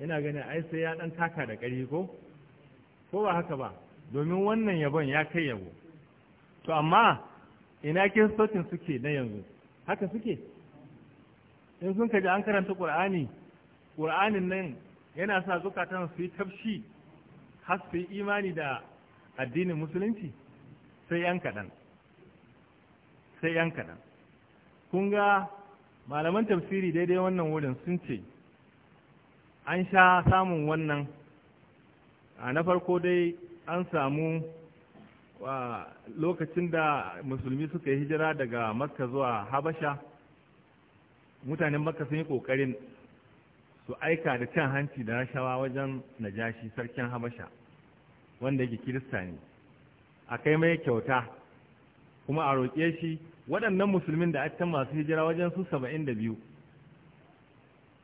yana ganin ai sai ya dan taka da ƙari ko ko ba haka ba domin wannan yabon ya kai yabo to amma ina kiristocin suke na yanzu haka suke in sun kaji an karanta ƙur'ani ƙur'anin nan yana sa zukatan su yi tafshi har su yi imani da addinin musulunci sai yan kaɗan sai yan kaɗan kun ga malaman tafsiri daidai wannan wurin sun ce an sha samun wannan a na farko dai an samu lokacin da musulmi suka yi hijira daga makka zuwa habasha mutanen makka sun yi kokarin su aika da cin hanci da rashawa wajen najashi sarkin habasha wanda yake kirista ne a kai mai kyauta kuma a roƙe shi waɗannan musulmin da aka masu hijira wajen su saba'in da biyu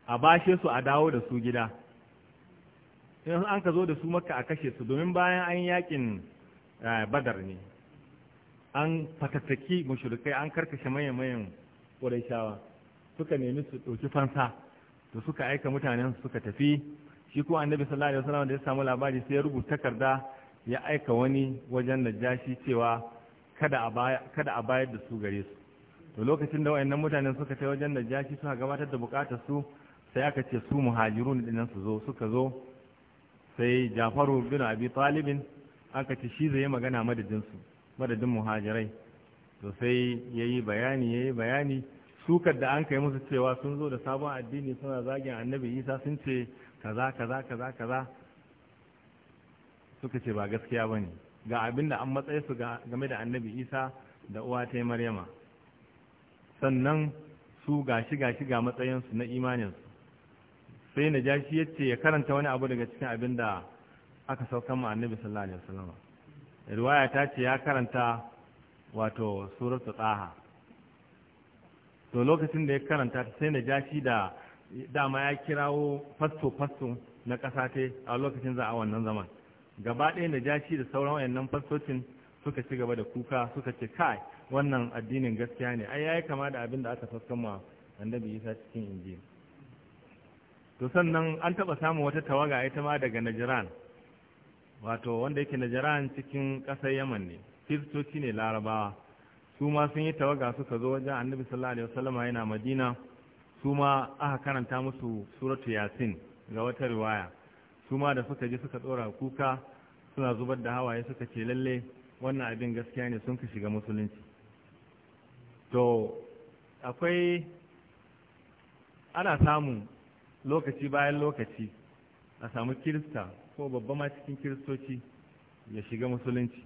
a bashe su a dawo da su gida in an ka zo da su maka a kashe su domin bayan an yakin eh, badar ne an fatattaki mushrikai an karkashe mayan-mayan shawa. suka nemi su ɗauki fansa da suka aika mutanen suka tafi shi kuma annabi sallallahu alaihi wasallam da ya samu labari sai ya rubuta takarda ya aika wani wajen najashi cewa kada a baya kada a bayar da su gare su to lokacin da wayannan mutanen suka kai wajen najashi suka gabatar da bukatar su sai aka ce su muhajirun dinnan su zo suka zo sai jafaru bin abi talibin aka ce shi zai magana madadin su madadin muhajirai to sai yayi bayani yayi bayani sukar da an kai musu cewa sun zo da sabon addini suna zagin annabi isa sun ce kaza kaza kaza kaza suka ce ba gaskiya ba ne ga abin da an matsaye su game da annabi isa da uwa ta maryama sannan su gashi gashi ga matsayinsu na imaninsu sai na jashi ya ce ya karanta wani abu daga cikin abin da aka saukan mu annabi sallallahu alaihi wasallam riwaya ta ce ya karanta wato suratu tsaha to lokacin da ya karanta sai na jashi da dama ya kirawo fasto fasto na kasa ta a lokacin za a wannan zaman gaba ɗaya na jashi da sauran wayannan fastocin suka ci gaba da kuka suka ce kai wannan addinin gaskiya ne ai yayi kama da abin da aka saukan mu annabi isa cikin injili to sannan an taɓa samun wata tawaga ita ma daga najiran wato wanda yake najiran cikin ƙasar yaman ne kiristoci ne larabawa su ma sun yi tawaga suka zo wajen annabi sallallahu alaihi wasallama yana madina su ma aka karanta musu suratu yasin ga wata riwaya su ma da suka ji suka tsora kuka suna zubar da hawaye suka ce lalle wannan abin gaskiya ne sun ka shiga musulunci to akwai ana samu. lokaci bayan lokaci a samu kirista ko babba ma cikin kiristoci ya shiga musulunci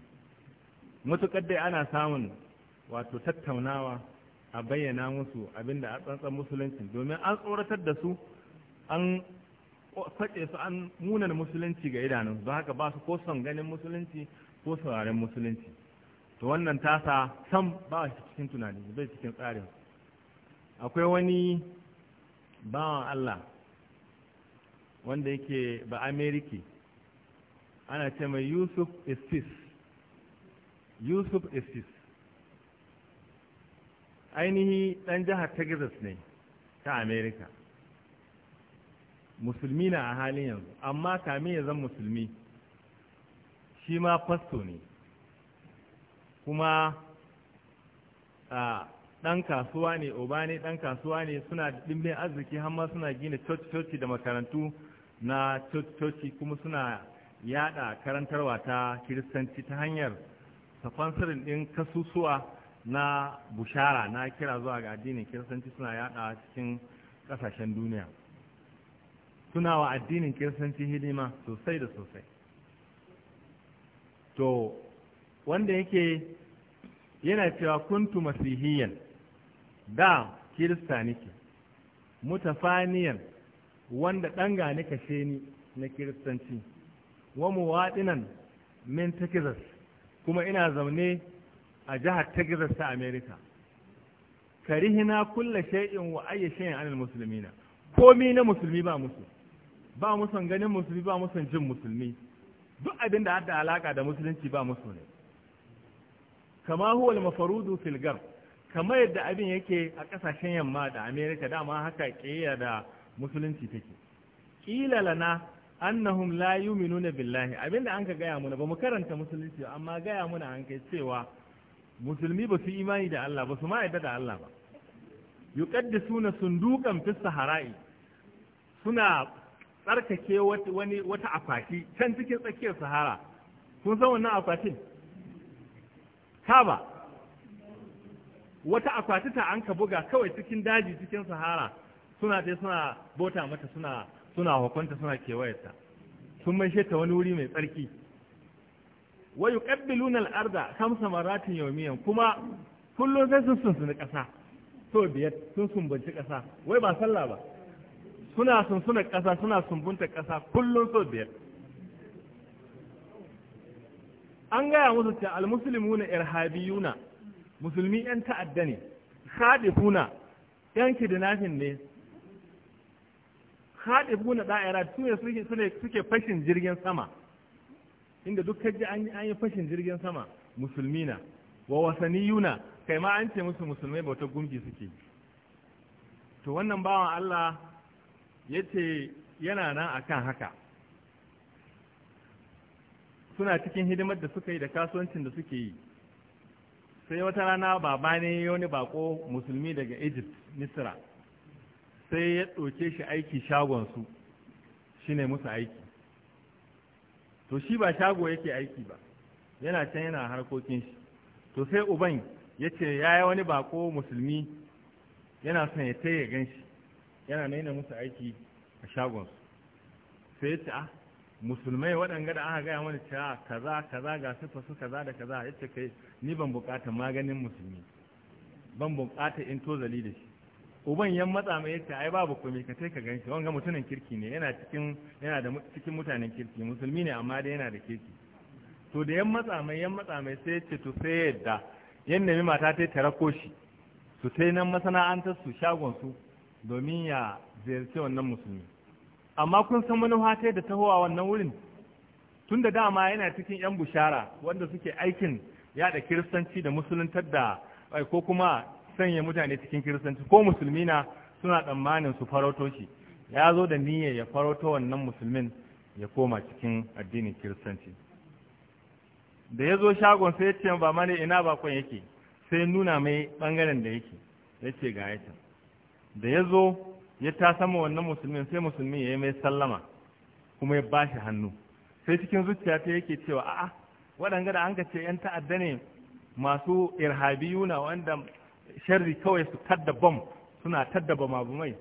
matuƙar dai ana samun wato tattaunawa a bayyana musu abinda a tsantsan musulunci domin an tsoratar da su an kwace su an munar musulunci ga idanun don haka ba su ko son ganin musulunci ko sauraren musulunci to wannan tasa sam ba shi cikin tunani bai cikin tsarin akwai wani bawan Allah wanda yake ba ameriki ana ce mai yusuf estis yusuf estis ainihi ɗan jihar texas ne ta amerika musulmi na a halin yanzu amma kamin ya zan musulmi shi ma fasto ne kuma ɗan kasuwa ne ɗan kasuwa ne suna ɗimbin arziki hamma suna gina coci-coci da makarantu na coci kuma suna yada karantarwa ta kiristanci ta hanyar safansirin ɗin kasusuwa na bushara na kira zuwa ga addinin kiristanci suna yada cikin ƙasashen duniya suna wa addinin kiristanci hidima sosai da sosai to wanda yake yana cewa kuntu masihiyan da kirista nike mutafaniyan wanda ɗan gani kashe ni na kiristanci wa waɗinan min texas kuma ina zaune a jihar texas ta america karihina kulla shay'in wa ayyi shay'in anil muslimina komi na musulmi ba musu ba musun ganin musulmi ba musun jin musulmi duk abin da hada alaka da musulunci ba musu ne kama huwa mafarudu fil kamar yadda abin yake a kasashen yamma da Amerika, dama haka kiyaya da musulunci take kila lana annahum la yu'minuna billahi abinda an ka gaya muna ba mu karanta musulunci amma gaya muna an kai cewa musulmi ba su imani da Allah ba su ma yadda da Allah ba yuqaddisuna sundukan fi sahara'i suna tsarkake wani wata afaki can cikin tsakiyar sahara kun san wannan akwatin kaba wata akwati ta an ka buga kawai cikin daji cikin sahara suna ta suna bota mata suna suna hukunta suna kewayarta sun mai ta wani wuri mai tsarki wa yuqabbiluna al-arda khamsa maratin yawmiyan kuma kullum sai sun sun ƙasa so biyar sun sumbanci ƙasa wai ba sallah ba suna sun suna ƙasa suna sumbunta ƙasa kullum so biyar an gaya musu ce almusulmuna irhabiyuna musulmi yan ta'adda ne khadifuna yan kidnafin ne buna da'ira su ne suke fashin jirgin sama inda duk kaji an yi fashin jirgin sama musulmi na, wa wasanni yuna, kai ma an ce musu musulmai bauta gumji suke to wannan bawan Allah ya ce yana nan akan haka suna cikin hidimar da suka yi da kasuwancin da suke yi sai wata rana baba ne wani bako musulmi daga egypt misra sai ya ɗauke shi aiki shagonsu shi ne musu aiki to shi ba shago yake aiki ba yana can yana harkokin shi to sai uban ya ce ya yi wani bako musulmi yana son ya taya gan shi yana naina musu aiki a shagonsu sai ya ce ah musulmai waɗanga da aka gaya mana cewa kaza kaza ga sifa su kaza da kaza ya ce kai ni ban buƙatar maganin musulmi ban buƙatar in tozali da shi uban yan matsa mai yace ai babu komai ka sai ka ganshi wanga mutumin kirki ne yana cikin yana da cikin mutanen kirki musulmi ne amma dai yana da kirki to da yan matsa mai yan matsa mai sai yace to sai yadda yan nemi mata ta tarako shi su sai nan masana'antar su shagon su domin ya ziyarci wannan musulmi amma kun san wani ta da tahowa wannan wurin tun da dama yana cikin yan bushara wanda suke aikin yaɗa kiristanci da musuluntar da ko kuma sanya mutane cikin kiristanci ko musulmi na suna tsammanin su farauto shi ya zo da niyyar ya farauto wannan musulmin ya koma cikin addinin kiristanci da ya zo shagon sai ya ce ba mani ina bakon yake sai nuna mai bangaren da yake ya ce ga yake da ya zo ya ta sama wannan musulmin sai musulmin ya yi mai sallama kuma ya ba shi hannu sai cikin zuciya ta yake cewa a'a waɗanga da an ka ce 'yan ta'adda ne masu irhabiyuna wanda sharri kawai su tadda bom suna tadda bama bumai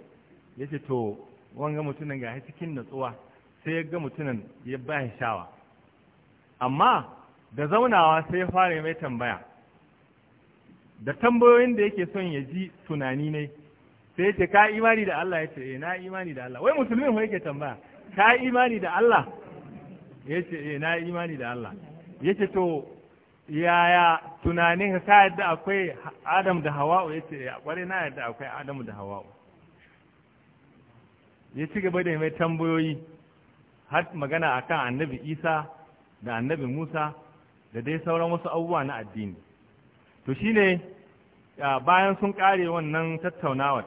ya ce to wanga mutunan ga cikin natsuwa sai ya ga mutunan ya bayan shawa amma da zaunawa sai ya fara mai tambaya da tambayoyin da yake son ya ji tunani ne sai ya ce ka imani da Allah ya ce eh na imani da Allah wai musulmin ko yake tambaya ka imani da Allah ya ce eh na imani da Allah ya ce to yaya tunanin ka yadda akwai adam da hawa'u ya ce ya eh, kware na yadda akwai adam da hawa'u ya ci gaba da mai tambayoyi har magana akan annabi isa da annabi musa da dai sauran wasu abubuwa na addini to shine bayan sun kare wannan tattaunawar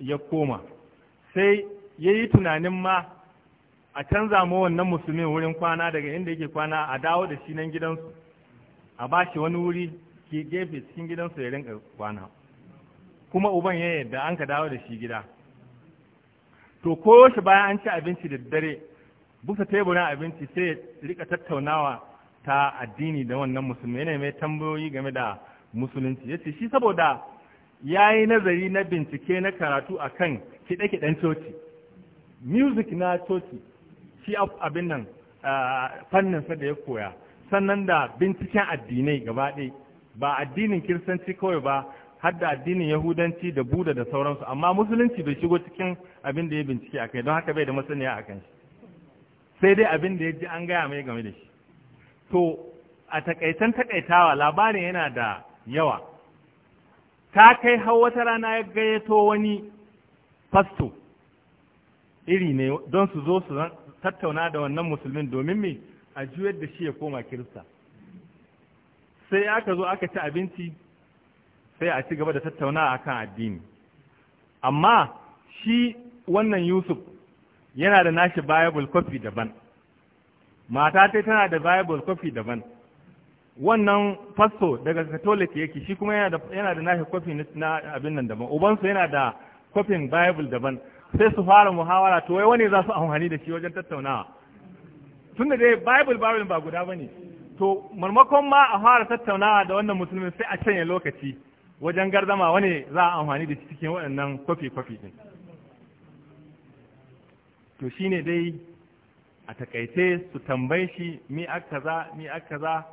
ya koma sai ya yi tunanin ma a canza ma wannan musulmin wurin kwana daga inda yake kwana a dawo da shi nan gidansu a ba shi wani wuri ke gefe cikin gidansu ya rinka kwana kuma uban ya yadda an ka dawo da shi gida to ko shi bayan an ci abinci da dare busa teburin abinci sai ya rika tattaunawa ta addini da wannan musulmi yana mai tambayoyi game da musulunci ya ce shi saboda ya yi nazari na bincike na karatu a kan kiɗe-kiɗen coci music na coci shi abin nan fanninsa da ya koya sannan da binciken addinai gaba ba addinin kiristanci kawai ba har da addinin yahudanci da buda da sauransu amma musulunci bai shigo cikin abin da ya bincike a kai don haka bai da masaniya a kan shi sai dai abin da ya ji an gaya mai game da shi to a takaitan takaitawa labarin yana da yawa ta kai har wata rana ya gayyato wani fasto iri ne don su zo su tattauna da wannan musulmin domin me a juyar da shi ya koma kirista sai aka zo aka ci abinci sai a ci gaba da tattaunawa kan addini amma shi wannan yusuf yana da nashi bible copy daban mata ta tana da bible copy daban wannan fasto daga catholic yake shi kuma yana da nashi copy na abin nan daban ubansu yana da copy bible daban sai su fara muhawara to wai wani za su amfani da shi wajen tattaunawa tun da dai bible bible ba guda bane to marmakon ma a fara tattaunawa da wannan musulmin sai a canye lokaci wajen gardama wani za a amfani da cikin waɗannan kwafi kwafi din to shine dai a takaice su tambaye shi mi akaza mi akaza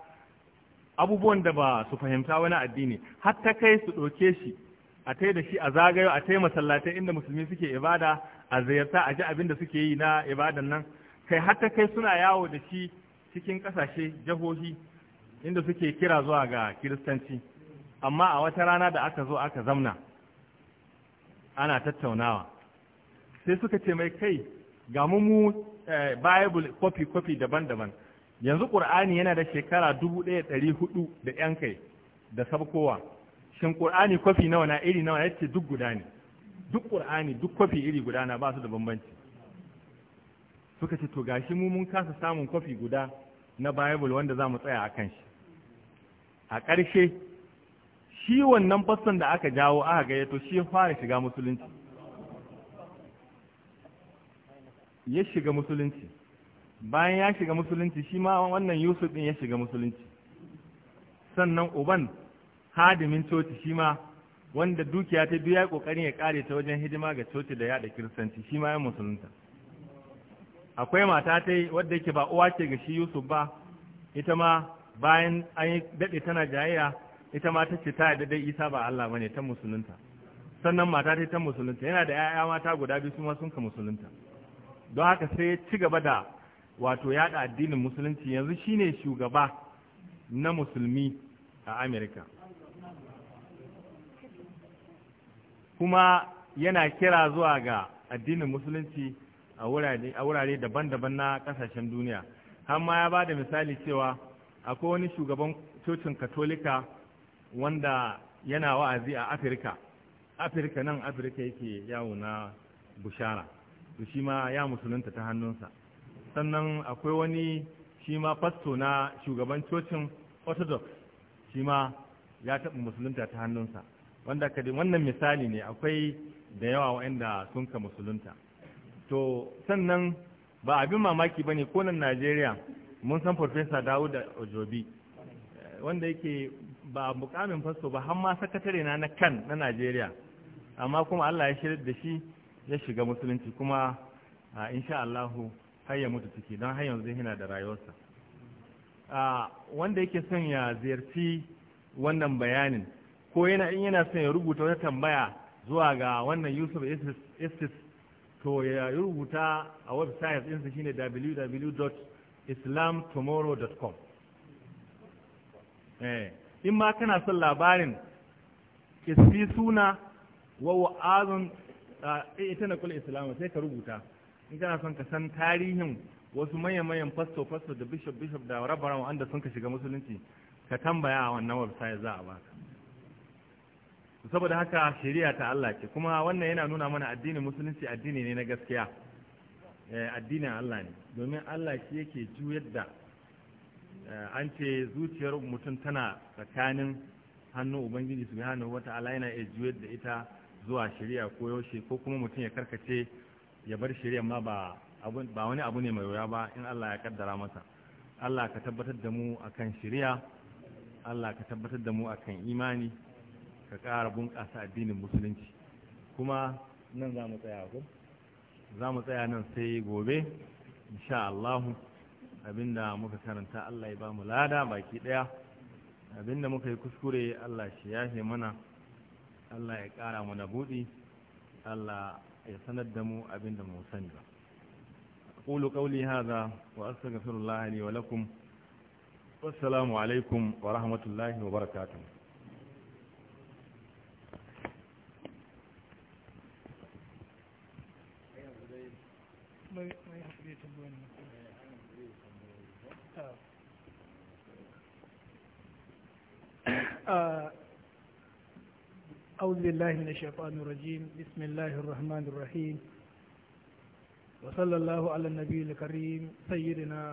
abubuwan da ba su fahimta wani addini har ta kai su ɗauke shi a tai da shi a zagayo a tai masallatai inda musulmi suke ibada a ziyarta a ji abin da suke yi na ibadan nan kai hatta kai suna yawo da shi cikin ƙasashe jahohi inda suke kira zuwa ga kiristanci amma a wata rana da aka zo aka zamna ana tattaunawa sai suka ce mai kai ga mu eh, bible copy copy daban-daban yanzu ƙur'ani yana da shekara 1400 da yan kai da sabkowa shin ƙur'ani kwafi nawa na iri nawa yace duk guda ne duk ƙur'ani duk kwafi iri guda na ba su da bambanci suka ce to gashi mu mun kasa samun kofi guda na bible wanda za mu tsaya a kan shi a ƙarshe shi wannan fasson da aka jawo aka gayyato shi ya fara shiga musulunci ya shiga musulunci bayan ya shiga musulunci shi ma wannan yusuf din ya shiga musulunci sannan uban hadimin coci shi ma wanda dukiya ta biya ƙoƙarin ya kare ta wajen hidima ga coci da yada kiristanci shi ma ya musulunta akwai mata ta yi wadda yake ba uwa ce ga shi yusuf ba ita ma bayan an yi daɗe tana jayayya ita ma ta ce ta yadda dai isa ba allah bane ta musulunta sannan mata ta ta musulunta yana da 'ya'ya mata guda biyu su sun ka musulunta don haka sai ya ci gaba da wato yada addinin musulunci yanzu shine shugaba na musulmi a amerika kuma yana kira zuwa ga addinin musulunci a wurare daban-daban na kasashen duniya har ma ya ba da misali cewa akwai wani shugaban cocin katolika wanda yana wa'azi a afirka afirka nan afirka yake yawo na bushara to shi ma ya musulunta ta hannunsa sannan akwai wani shi ma fasto na shugaban cocin orthodox shi ma ya taɓa musulunta ta hannunsa wanda kadin wannan misali ne akwai da yawa waɗanda sun ka musulunta to sannan ba abin mamaki ba ne konan najeriya mun san farfesa dawud ojobi wanda yake ba mukamin fasto ba har ma sakatare na kan na najeriya amma kuma allah ya shirya da shi ya shiga musulunci kuma insha allahu har mutu ciki don har yanzu yana da rayuwarsa wanda yake son ya ziyarci wannan bayanin ko yana in yana son ya rubuta wata tambaya zuwa ga wannan yusuf isis to ya rubuta a website ɗinsa shine www.islamtomorrow.com eh, in ma kana son labarin isfi suna wa wa'azun eh, ita na kula islamu sai ka rubuta in kana son ka san tarihin wasu manya-manyan fasto-fasto da bishop-bishop da rabaran wanda sun ka shiga musulunci ka tambaya a wannan website za a baka saboda haka shari'a ta Allah ce kuma wannan yana nuna mana addinin musulunci addini ne na gaskiya eh, addinin Allah ne domin Allah shi yake juyar da eh, an ce zuciyar mutum tana tsakanin hannun ubangiji subhanahu wata'ala yana iya juyar da ita zuwa shari'a ko yaushe ko kuma mutum ya karkace ya bar shari'a ma ba ba wani abu ne mai wuya ba in Allah ya kaddara masa Allah ka tabbatar da mu akan shari'a Allah ka tabbatar da mu akan imani ka ƙara bunƙasa addinin musulunci kuma nan za mu tsaya ko za mu tsaya nan sai gobe insha Allahu abinda muka karanta Allah ya ba mu lada baki ɗaya abinda muka yi kuskure Allah shi yafe mana Allah ya ƙara mana buɗi Allah ya sanar da mu abinda mu sani ba أقول قولي هذا وأستغفر الله لي ولكم والسلام عليكم ورحمة الله وبركاته
mai haƙuri tambayoyin أعوذ بالله من الشيطان الرجيم بسم الله الرحمن الرحيم وصلى الله على النبي الكريم سيدنا